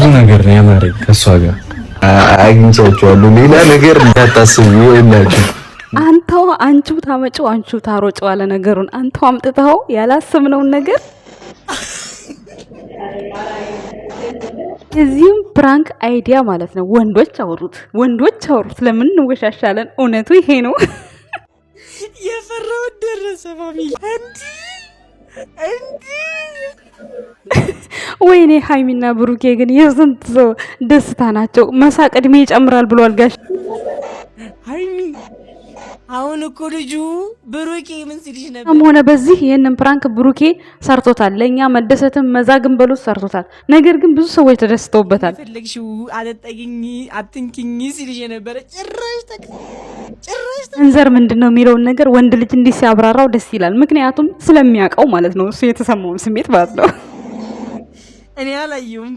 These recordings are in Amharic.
ብዙ ነገር ነው ያማረኝ ከእሷ ጋር አግኝቻቸዋለሁ። ሌላ ነገር እንዳታስቡ ይላችሁ አንተው አንቺው ታመጪው አንቺው ታሮጪው አለ ነገሩን። አንተው አምጥተኸው ያላሰብነውን ነገር እዚህም ፕራንክ አይዲያ ማለት ነው። ወንዶች አወሩት፣ ወንዶች አወሩት። ለምን እንወሻሻለን? እውነቱ ይሄ ነው። የፈራውን ደረሰ። ወይኔ ሀይሚና ብሩኬ ግን የስንት ሰው ደስታ ናቸው። መሳቅ እድሜ ይጨምራል ብሏል ጋሽ ሀይሚ። አሁን እኮ ልጁ ብሩኬ ምን ሲልሽ ነበር ሆነ በዚህ ይህንን ፕራንክ ብሩኬ ሰርቶታል። ለእኛ መደሰትም መዛግን በሉት ሰርቶታል። ነገር ግን ብዙ ሰዎች ተደስተውበታል። ፈለግሽ አጠጠግኝ አትንኪኝ ሲልሽ የነበረ ጭራሽ እንዘር ምንድን ነው የሚለውን ነገር ወንድ ልጅ እንዲህ ሲያብራራው ደስ ይላል። ምክንያቱም ስለሚያውቀው ማለት ነው እሱ የተሰማውን ስሜት ማለት ነው። እኔ አላየሁም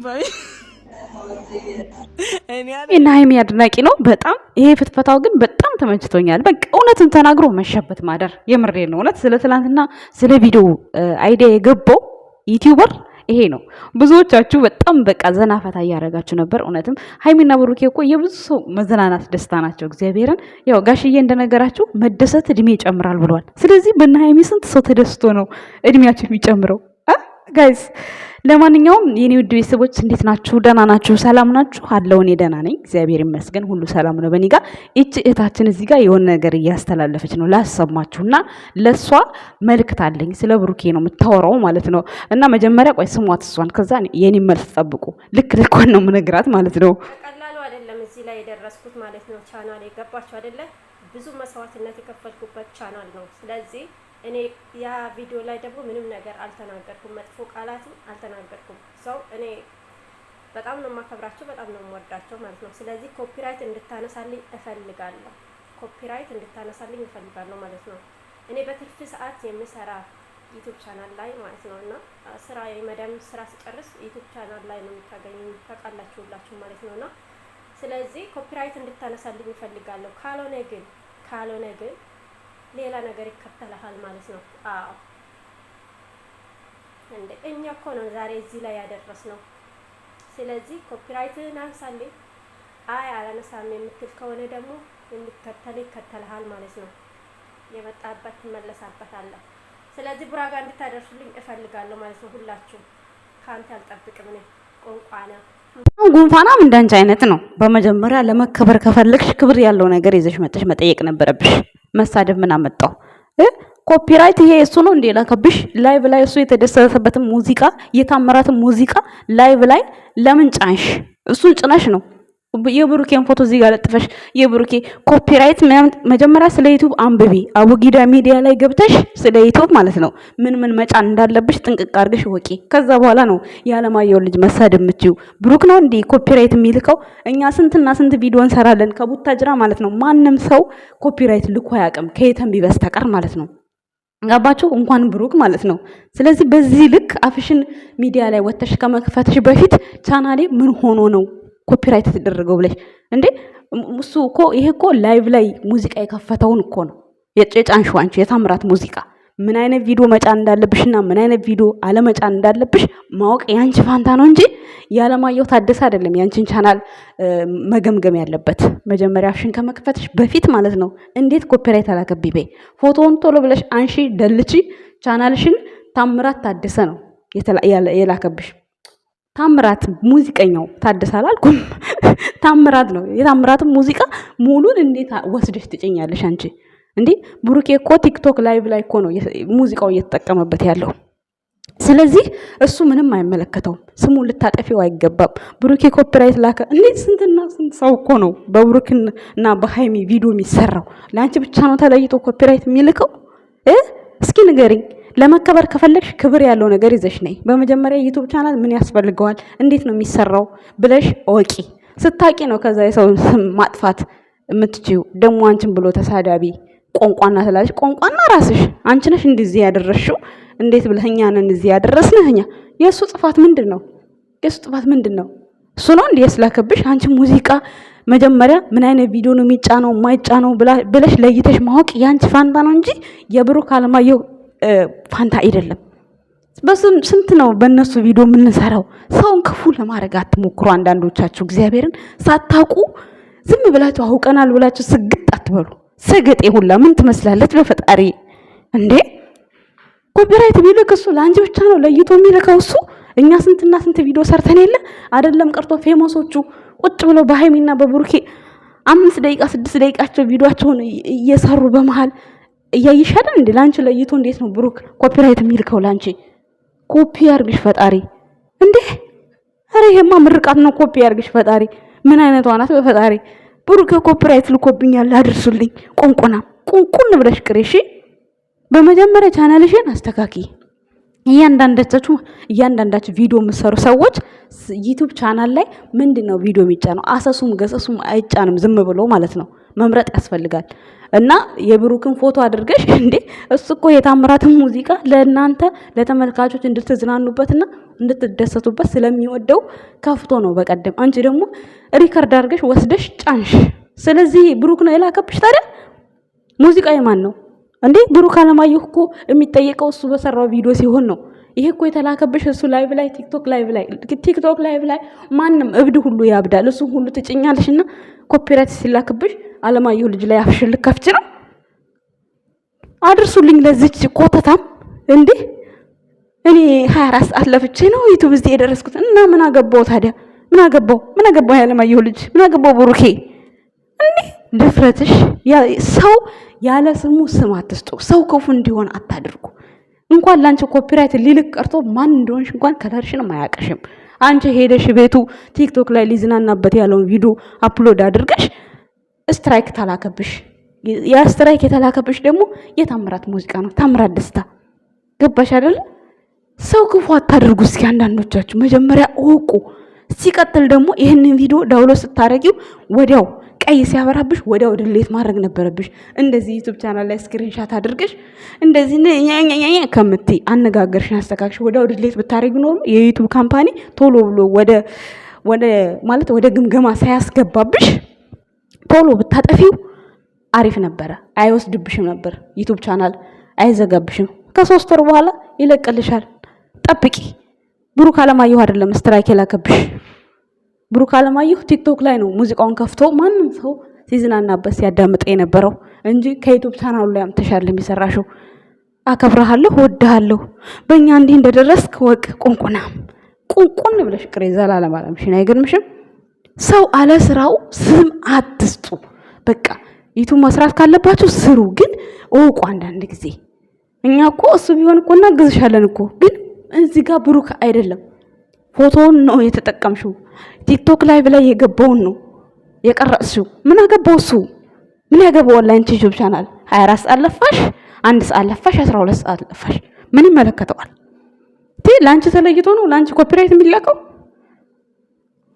እና ሀይሚ አድናቂ ነው በጣም ይሄ ፍትፈታው ግን በጣም ተመችቶኛል። በቃ እውነቱን ተናግሮ መሸበት ማደር የምሬ ነው። እውነት ስለ ትናንትና ስለ ቪዲዮ አይዲያ የገባው ዩቲዩበር ይሄ ነው። ብዙዎቻችሁ በጣም በቃ ዘና ፈታ እያደረጋችሁ ነበር። እውነትም ሀይሚና ብሩኬ እኮ የብዙ ሰው መዘናናት ደስታ ናቸው። እግዚአብሔርን ያው ጋሽዬ እንደነገራችሁ መደሰት እድሜ ይጨምራል ብሏል። ስለዚህ በእነ ሀይሚ ስንት ሰው ተደስቶ ነው እድሜያቸው የሚጨምረው? ጋይስ ለማንኛውም የኔ ውድ ቤተሰቦች እንዴት ናችሁ? ደህና ናችሁ? ሰላም ናችሁ? አለው እኔ ደህና ነኝ፣ እግዚአብሔር ይመስገን፣ ሁሉ ሰላም ነው በእኔ ጋር። ይቺ እህታችን እዚህ ጋር የሆነ ነገር እያስተላለፈች ነው ላሰማችሁና፣ ለእሷ መልክት አለኝ። ስለ ብሩኬ ነው የምታወራው ማለት ነው። እና መጀመሪያ ቆይ ስሟት እሷን፣ ከዛ የኔ መልስ ጠብቁ። ልክ ልኳን ነው የምነግራት ማለት ነው። ቀላሉ አይደለም እዚህ ላይ የደረስኩት ማለት ነው። ቻናል የገባችሁ አይደለ? ብዙ መስዋዕትነት የከፈልኩበት ቻናል ነው። ስለዚህ እኔ ያ ቪዲዮ ላይ ደግሞ ምንም ነገር አልተናገርኩም፣ መጥፎ ቃላትም አልተናገርኩም። ሰው እኔ በጣም ነው የማከብራቸው፣ በጣም ነው የምወዳቸው ማለት ነው። ስለዚህ ኮፒራይት እንድታነሳልኝ እፈልጋለሁ፣ ኮፒራይት እንድታነሳልኝ እፈልጋለሁ ማለት ነው። እኔ በትርፍ ሰዓት የምሰራ ዩቱብ ቻናል ላይ ማለት ነው እና ስራ የመዳም ስራ ስጨርስ ዩቱብ ቻናል ላይ ነው የምታገኙ ታውቃላችሁላችሁ ማለት ነው እና ስለዚህ ኮፒራይት እንድታነሳልኝ እፈልጋለሁ። ካልሆነ ግን ካልሆነ ግን ሌላ ነገር ይከተልሃል ማለት ነው። አዎ እንደ እኛ እኮ ነው ዛሬ እዚህ ላይ ያደረስ ነው። ስለዚህ ኮፒራይትን አንሳሌ አይ አላነሳም የምትል ከሆነ ደግሞ የሚከተል ይከተልሃል ማለት ነው። የመጣበት አለ። ስለዚህ ቡራ ጋር እንድታደርሱልኝ እፈልጋለሁ ማለት ነው። ሁላችሁ ከአንተ አልጠብቅም እኔ ቋንቋና ጉንፋናም እንዳንቺ አይነት ነው። በመጀመሪያ ለመከበር ከፈለግሽ ክብር ያለው ነገር ይዘሽ መጠሽ መጠየቅ ነበረብሽ። መሳደብ ምን አመጣው? ኮፒራይት ይሄ እሱ ነው እንዴ ላከብሽ? ላይቭ ላይ እሱ የተደሰተበትን ሙዚቃ የታምራትን ሙዚቃ ላይቭ ላይ ለምን ጫንሽ? እሱን ጭነሽ ነው የብሩኬን ፎቶ እዚህ ጋር ለጥፈሽ የብሩኬ ኮፒራይት መጀመሪያ ስለ ዩቱብ አንብቢ። አቡጊዳ ሚዲያ ላይ ገብተሽ ስለ ዩቱብ ማለት ነው ምን ምን መጫን እንዳለብሽ ጥንቅቅ አድርገሽ ወቂ። ከዛ በኋላ ነው የአለማየሁ ልጅ መሳደብ የምትችይው። ብሩክ ነው እንዲህ ኮፒራይት የሚልከው። እኛ ስንትና ስንት ቪዲዮ እንሰራለን ከቡታጅራ ማለት ነው። ማንም ሰው ኮፒራይት ልኮ አያውቅም ከየተንቢ በስተቀር ማለት ነው። ጋባችሁ እንኳን ብሩክ ማለት ነው። ስለዚህ በዚህ ልክ አፍሽን ሚዲያ ላይ ወተሽ ከመክፈትሽ በፊት ቻናሌ ምን ሆኖ ነው ኮፒራይት የተደረገው ብለሽ እንዴ? እሱ እኮ ይሄ እኮ ላይቭ ላይ ሙዚቃ የከፈተውን እኮ ነው የጫንሽው አንቺ የታምራት ሙዚቃ። ምን አይነት ቪዲዮ መጫን እንዳለብሽና ምን አይነት ቪዲዮ አለመጫን እንዳለብሽ ማወቅ ያንቺ ፋንታ ነው እንጂ የአለማየሁ ታደሰ አይደለም ያንቺን ቻናል መገምገም ያለበት። መጀመሪያ አፍሽን ከመክፈትሽ በፊት ማለት ነው። እንዴት ኮፒራይት አላከብ በይ። ፎቶውን ቶሎ ብለሽ አንሺ፣ ደልቺ። ቻናልሽን ታምራት ታደሰ ነው የላከብሽ። ታምራት ሙዚቀኛው ታደሰ አላልኩም። ታምራት ነው። የታምራትን ሙዚቃ ሙሉን እንዴት ወስደሽ ትጭኛለሽ አንቺ? እንዴ ብሩኬ እኮ ቲክቶክ ላይቭ ላይ እኮ ነው ሙዚቃው እየተጠቀመበት ያለው። ስለዚህ እሱ ምንም አይመለከተውም። ስሙን ልታጠፊው አይገባም። ብሩኬ ኮፒራይት ላከ እንዴት ስንትና ስንት ሰው እኮ ነው እና በሃይሚ ቪዲዮ የሚሰራው። ለአንቺ ብቻ ነው ተለይቶ ኮፒራይት የሚልከው? እስኪ ንገሪኝ። ለመከበር ከፈለግሽ ክብር ያለው ነገር ይዘሽ ነይ። በመጀመሪያ ዩቱብ ቻናል ምን ያስፈልገዋል፣ እንዴት ነው የሚሰራው ብለሽ ወቂ። ስታቂ ነው ከዛ የሰው ስም ማጥፋት የምትችይው። ደሞ አንቺን ብሎ ተሳዳቢ ቋንቋና ስላለሽ ቋንቋና ራስሽ አንቺ ነሽ እንዲዚህ ያደረሽው። እንዴት ብለህ እኛ እዚህ ያደረስንህ። እኛ የእሱ ጥፋት ምንድን ነው? የእሱ ጥፋት ምንድን ነው? እሱ ነው እንዲህ ስለከብሽ። አንቺ ሙዚቃ መጀመሪያ ምን አይነት ቪዲዮ ነው የሚጫነው የማይጫነው ብለሽ ለይተሽ ማወቅ ያንቺ ፋንታ ነው እንጂ የብሩክ አለማየሁ ፋንታ አይደለም። ስንት ነው በእነሱ ቪዲዮ የምንሰራው? ሰውን ክፉ ለማድረግ አትሞክሩ። አንዳንዶቻችሁ እግዚአብሔርን ሳታውቁ ዝም ብላችሁ አውቀናል ብላችሁ ስግጥ አትበሉ። ሰገጤ ሁላ ምን ትመስላለች በፈጣሪ እንዴ! ኮፒራይት ቢልክ እሱ ለአንቺ ብቻ ነው ለይቶ የሚልከው እሱ። እኛ ስንትና ስንት ቪዲዮ ሰርተን የለ አይደለም ቀርቶ ፌሞሶቹ ቁጭ ብለው በሃይሚና በቡርኬ አምስት ደቂቃ ስድስት ደቂቃቸው ቪዲዮቸውን እየሰሩ በመሃል እያየሽ አይደል እንዴ? ላንቺ ለይቶ እንዴት ነው ብሩክ ኮፒራይት የሚልከው? ላንቺ ኮፒ አርግሽ ፈጣሪ እንዴ! አረ ይሄማ ምርቃት ነው። ኮፒ አርግሽ ፈጣሪ። ምን አይነት ዋናት በፈጣሪ። ብሩክ ኮፒራይት ልኮብኛል፣ አድርሱልኝ። ቁንቁና ቁንቁን ብለሽ ቅሬ። እሺ በመጀመሪያ ቻናልሽን አስተካኪ። እያንዳንዳችሁ እያንዳንዳችሁ ቪዲዮ የምትሰሩ ሰዎች ዩቲዩብ ቻናል ላይ ምንድን ነው ቪዲዮ የሚጫነው? አሰሱም ገሰሱም አይጫንም፣ ዝም ብሎ ማለት ነው። መምረጥ ያስፈልጋል። እና የብሩክን ፎቶ አድርገሽ እንዴ እሱ እኮ የታምራትን ሙዚቃ ለእናንተ ለተመልካቾች እንድትዝናኑበትና እንድትደሰቱበት ስለሚወደው ከፍቶ ነው በቀደም። አንቺ ደግሞ ሪከርድ አድርገሽ ወስደሽ ጫንሽ። ስለዚህ ብሩክ ነው የላከብሽ። ታዲያ ሙዚቃ የማን ነው እንዴ? ብሩክ አለማየሁ እኮ የሚጠየቀው እሱ በሰራው ቪዲዮ ሲሆን ነው። ይሄ እኮ የተላከብሽ እሱ ላይቭ ላይ ቲክቶክ ላይቭ ላይ ቲክቶክ ላይቭ ላይ ማንም እብድ ሁሉ ያብዳል። እሱ ሁሉ ትጭኛለሽ እና ኮፒራይት ሲላክብሽ አለማየሁ ልጅ ላይ አፍሽን ልከፍች ነው። አድርሱልኝ ለዚች ኮተታም እንዴ! እኔ 24 ሰዓት ለፍቼ ነው ዩቲዩብ እዚህ የደረስኩት እና ምን አገባው ታዲያ? ምን አገባው? ምን አገባው ያለማየሁ ልጅ ምን አገባው ብሩኬ? እንዴ ድፍረትሽ! ሰው ያለ ስሙ ስም አትስጡ። ሰው ክፉ እንዲሆን አታድርጉ። እንኳን ላንቺ ኮፒራይት ሊልክ ቀርቶ ማን እንደሆንሽ እንኳን ከለርሽንም አያቀሽም። አንቺ ሄደሽ ቤቱ ቲክቶክ ላይ ሊዝናናበት ያለውን ቪዲዮ አፕሎድ አድርገሽ ስትራይክ ተላከብሽ። ያ ስትራይክ የተላከብሽ ደግሞ የታምራት ሙዚቃ ነው። ታምራት ደስታ ገባሽ አይደለ? ሰው ክፉ አታደርጉ እስኪ አንዳንዶቻችሁ መጀመሪያ እወቁ። ሲቀጥል ደግሞ ይህንን ቪዲዮ ዳውሎ ስታረጊው ወዲያው ቀይ ሲያበራብሽ ወዲያ ወደ ሌት ማድረግ ነበረብሽ። እንደዚህ ዩቱብ ቻናል ላይ ስክሪንሻት አድርገሽ እንደዚህ ኛኛኛ ከምትይ አነጋገርሽን አስተካክሽ ወደ ሌት ብታደረግ ኖሩ የዩቱብ ካምፓኒ ቶሎ ብሎ ወደ ወደ ማለት ወደ ግምገማ ሳያስገባብሽ ቶሎ ብታጠፊው አሪፍ ነበረ። አይወስድብሽም ነበር ዩቱብ ቻናል አይዘጋብሽም። ከሶስት ወር በኋላ ይለቅልሻል። ጠብቂ። ብሩክ አለማየሁ አይደለም ስትራይክ የላከብሽ። ብሩክ አለማየሁ ቲክቶክ ላይ ነው ሙዚቃውን ከፍቶ ማንም ሰው ሲዝናናበት ሲያዳምጠ የነበረው እንጂ ከዩቱብ ቻናሉ ላይ አምተሻል የሚሰራሽው። አከብረሃለሁ፣ ወድሃለሁ። በእኛ እንዲህ እንደደረስክ ወቅ ቁንቁና ቁንቁን ብለሽ ቅሬ ዘላለም አለምሽን አይገርምሽም? ሰው አለ ስራው ስም አትስጡ። በቃ ዩቱብ መስራት ካለባችሁ ስሩ፣ ግን እውቁ። አንዳንድ ጊዜ እኛ እኮ እሱ ቢሆን እኮ እናግዝሻለን እኮ ግን እዚህ ጋር ብሩክ አይደለም ፎቶውን ነው የተጠቀምሽው። ቲክቶክ ላይ ብላይ የገባውን ነው የቀረጽሽው። ምን አገባው እሱ? ምን ያገባው ኦንላይን ቲዩብ ቻናል 24 ሰዓት ለፋሽ፣ አንድ ሰዓት ለፋሽ፣ 12 ሰዓት ለፋሽ፣ ምን ይመለከተዋል? ቲ ላንቺ ተለይቶ ነው ላንቺ ኮፒራይት የሚላቀው?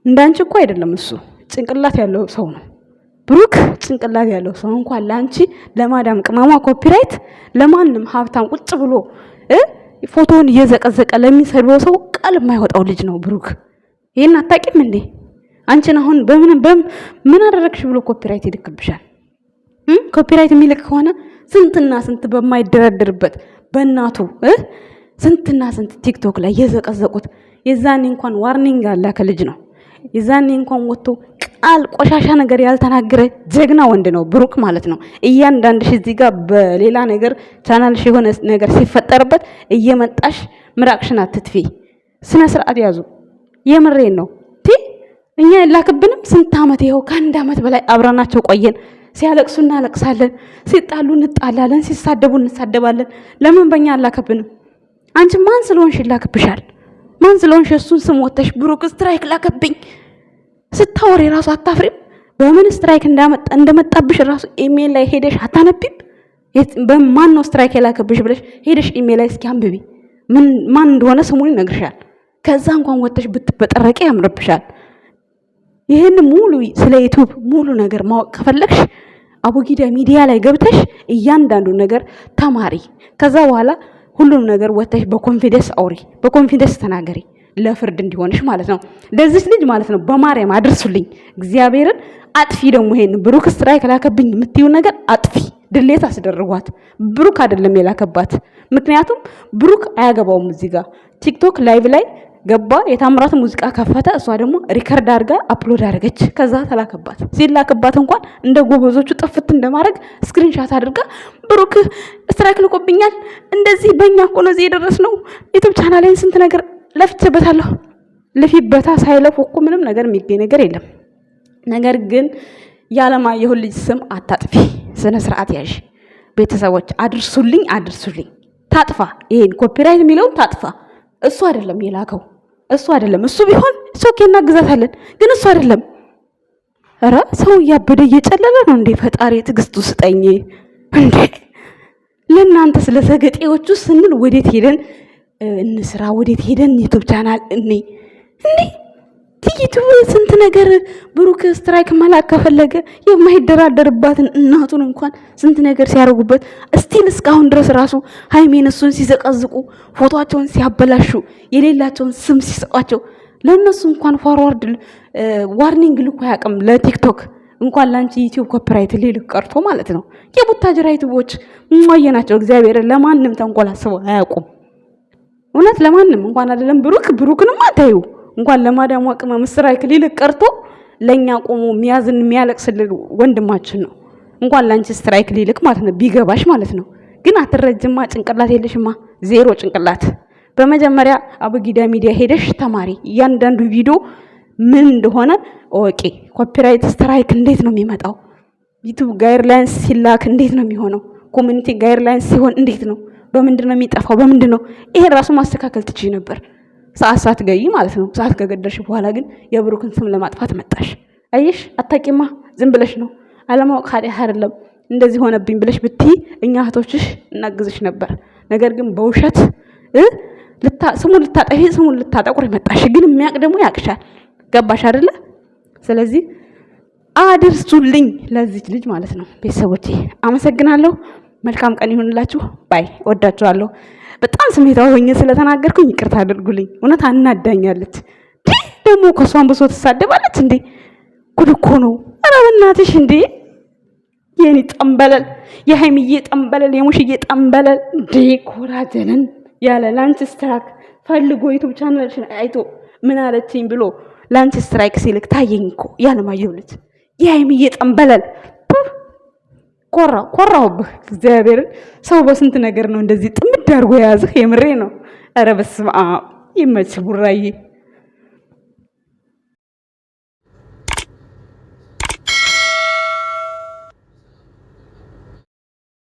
እንዳንቺ እኮ አይደለም እሱ። ጭንቅላት ያለው ሰው ነው ብሩክ። ጭንቅላት ያለው ሰው እንኳን ላንቺ ለማዳም ቅመሟ ኮፒራይት ለማንም ሀብታም ቁጭ ብሎ ፎቶውን እየዘቀዘቀ ለሚሰድበው ሰው ቃል የማይወጣው ልጅ ነው ብሩክ። ይህን አታቂም እንዴ? አንቺን አሁን በምን በምን ምን አደረግሽ ብሎ ኮፒራይት ይልክብሻል። ኮፒራይት የሚልክ ከሆነ ስንትና ስንት በማይደረድርበት በእናቱ ስንትና ስንት ቲክቶክ ላይ የዘቀዘቁት የዛኔ እንኳን ዋርኒንግ አላ ከልጅ ነው የዛኔ እንኳን ወጥቶ ቃል ቆሻሻ ነገር ያልተናገረ ጀግና ወንድ ነው ብሩክ ማለት ነው። እያንዳንድሽ እዚህ ጋር በሌላ ነገር ቻናልሽ የሆነ ነገር ሲፈጠርበት እየመጣሽ ምራቅሽን አትትፊ። ስነ ስርዓት ያዙ። የምሬን ነው። ቲ እኛ የላክብንም ስንት ዓመት ይኸው ከአንድ ዓመት በላይ አብረናቸው ቆየን። ሲያለቅሱ እናለቅሳለን፣ ሲጣሉ እንጣላለን፣ ሲሳደቡ እንሳደባለን። ለምን በእኛ አላከብንም? አንቺ ማን ስለሆንሽ ይላክብሻል? ማን ስለሆንሽ እሱን ስም ወተሽ ብሩክ ስትራይክ ላከብኝ ስታወሪ የራሱ አታፍሪም? በምን ስትራይክ እንደመጣብሽ ራሱ ኢሜል ላይ ሄደሽ አታነቢም? በማን ነው ስትራይክ የላከብሽ ብለሽ ሄደሽ ኢሜል ላይ እስኪ አንብቢ። ማን እንደሆነ ስሙን ይነግርሻል። ከዛ እንኳን ወተሽ ብትበጠረቂ ያምርብሻል። ይህን ሙሉ ስለ ዩቲዩብ ሙሉ ነገር ማወቅ ከፈለግሽ አቡጊዳ ሚዲያ ላይ ገብተሽ እያንዳንዱ ነገር ተማሪ። ከዛ በኋላ ሁሉም ነገር ወተሽ በኮንፊደንስ አውሪ፣ በኮንፊደንስ ተናገሪ፣ ለፍርድ እንዲሆንሽ ማለት ነው። ለዚች ልጅ ማለት ነው በማርያም አድርሱልኝ እግዚአብሔርን። አጥፊ ደግሞ ይሄን ብሩክ ስትራይክ ላከብኝ የምትዩ ነገር አጥፊ። ድሌት አስደርጓት። ብሩክ አይደለም የላከባት፣ ምክንያቱም ብሩክ አያገባውም። እዚህ ጋር ቲክቶክ ላይቭ ላይ ገባ። የታምራት ሙዚቃ ከፈተ። እሷ ደግሞ ሪከርድ አድርጋ አፕሎድ አደረገች። ከዛ ተላከባት። ሲላክባት እንኳን እንደ ጎበዞቹ ጥፍት እንደማድረግ ስክሪንሻት አድርጋ ብሩክ ስትራይክ ልቆብኛል፣ እንደዚህ በእኛ እኮ ነው እዚህ ነው። ዩቱብ ቻናሌን ስንት ነገር ለፍቼበታለሁ። ልፊበታ ሳይለፉ እኮ ምንም ነገር የሚገኝ ነገር የለም። ነገር ግን ያለማየሁን ልጅ ስም አታጥፊ፣ ስነ ስርዓት ያዥ። ቤተሰቦች አድርሱልኝ፣ አድርሱልኝ። ታጥፋ፣ ይሄን ኮፒራይት የሚለውን ታጥፋ። እሱ አይደለም የላከው እሱ አይደለም። እሱ ቢሆን ሶኬ እናግዛታለን፣ ግን እሱ አይደለም። ኧረ ሰው እያበደ እየጨለለ ነው እንዴ! ፈጣሪ ትዕግስቱ ስጠኝ እንዴ! ለእናንተ ስለ ሰገጤዎቹ ስንል ወዴት ሄደን እንስራ? ወዴት ሄደን ዩቱብ ቻናል እኔ እንዴ ትይቱ ስንት ነገር ብሩክ ስትራይክ መላክ ከፈለገ የማይደራደርባትን እናቱን እንኳን ስንት ነገር ሲያደርጉበት እስቲል እስካሁን ድረስ ራሱ ሀይሜን እሱን ሲዘቀዝቁ ፎቶቸውን ሲያበላሹ የሌላቸውን ስም ሲሰጧቸው ለእነሱ እንኳን ፎርዋርድ ዋርኒንግ ልኮ አያውቅም ለቲክቶክ እንኳን ለአንቺ ዩቲዩብ ኮፒራይት ሊልክ ቀርቶ ማለት ነው። የቡታጅራ ዩቲዩቦች እሟየ ናቸው። እግዚአብሔር ለማንም ተንኮል አስበው አያውቁም። እውነት ለማንም እንኳን አይደለም ብሩክ ብሩክንም አታዩ እንኳን ለማዳሟ ቅመም ስትራይክ ሊልቅ ቀርቶ ለእኛ ቆሞ የሚያዝን የሚያለቅስልን ወንድማችን ነው። እንኳን ለአንቺ ስትራይክ ሊልቅ ማለት ነው፣ ቢገባሽ ማለት ነው። ግን አትረጅማ፣ ጭንቅላት የለሽማ፣ ዜሮ ጭንቅላት። በመጀመሪያ አቡጊዳ ሚዲያ ሄደሽ ተማሪ። እያንዳንዱ ቪዲዮ ምን እንደሆነ ኦቄ ኮፒራይት ስትራይክ እንዴት ነው የሚመጣው? ዩቱብ ጋይድላይንስ ሲላክ እንዴት ነው የሚሆነው? ኮሚኒቲ ጋይድላይንስ ሲሆን እንዴት ነው? በምንድን ነው የሚጠፋው? በምንድን ነው ይሄን ራሱ ማስተካከል ትችይ ነበር። ሰዓት ሳትገይ ማለት ነው። ሰዓት ከገደልሽ በኋላ ግን የብሩክን ስም ለማጥፋት መጣሽ። አየሽ አታቂማ፣ ዝም ብለሽ ነው አለማወቅ ኃጢአት አይደለም። እንደዚህ ሆነብኝ ብለሽ ብቲ እኛ እህቶችሽ እናግዝሽ ነበር። ነገር ግን በውሸት ስሙን ልታጠፊ ስሙን ልታጠቁር መጣሽ። ግን የሚያቅ ደግሞ ያቅሻል። ገባሽ አይደለ? ስለዚህ አድርሱልኝ ለዚች ልጅ ማለት ነው። ቤተሰቦቼ አመሰግናለሁ። መልካም ቀን ይሁንላችሁ። ባይ። ወዳችኋለሁ። በጣም ስሜታዊ ሆኜ ስለተናገርኩኝ ይቅርታ አድርጉልኝ። እውነት አናዳኛለች። ደግሞ ከእሷን ብሶ ትሳደባለች እንዴ! ጉድ እኮ ነው። ኧረ በእናትሽ እንዴ! የኔ ጠንበለል፣ የሃይምዬ ጠንበለል፣ የሙሽዬ ጠንበለል እንዴ! ኮራጀንን ያለ ላንች ስትራክ ፈልጎ ዩቱብ ቻናልሽን አይቶ ምን አለችኝ ብሎ ላንች ስትራይክ ሲልክ ታየኝ እኮ ያለማየሁ ልጅ የሃይምዬ ጠንበለል ኮራ ኮራውብህ። እግዚአብሔርን ሰው በስንት ነገር ነው እንደዚህ ጥም ጉድ አድርጎ የያዝህ የምሬ ነው። ኧረ በስመ አብ ይመችህ ቡራዬ።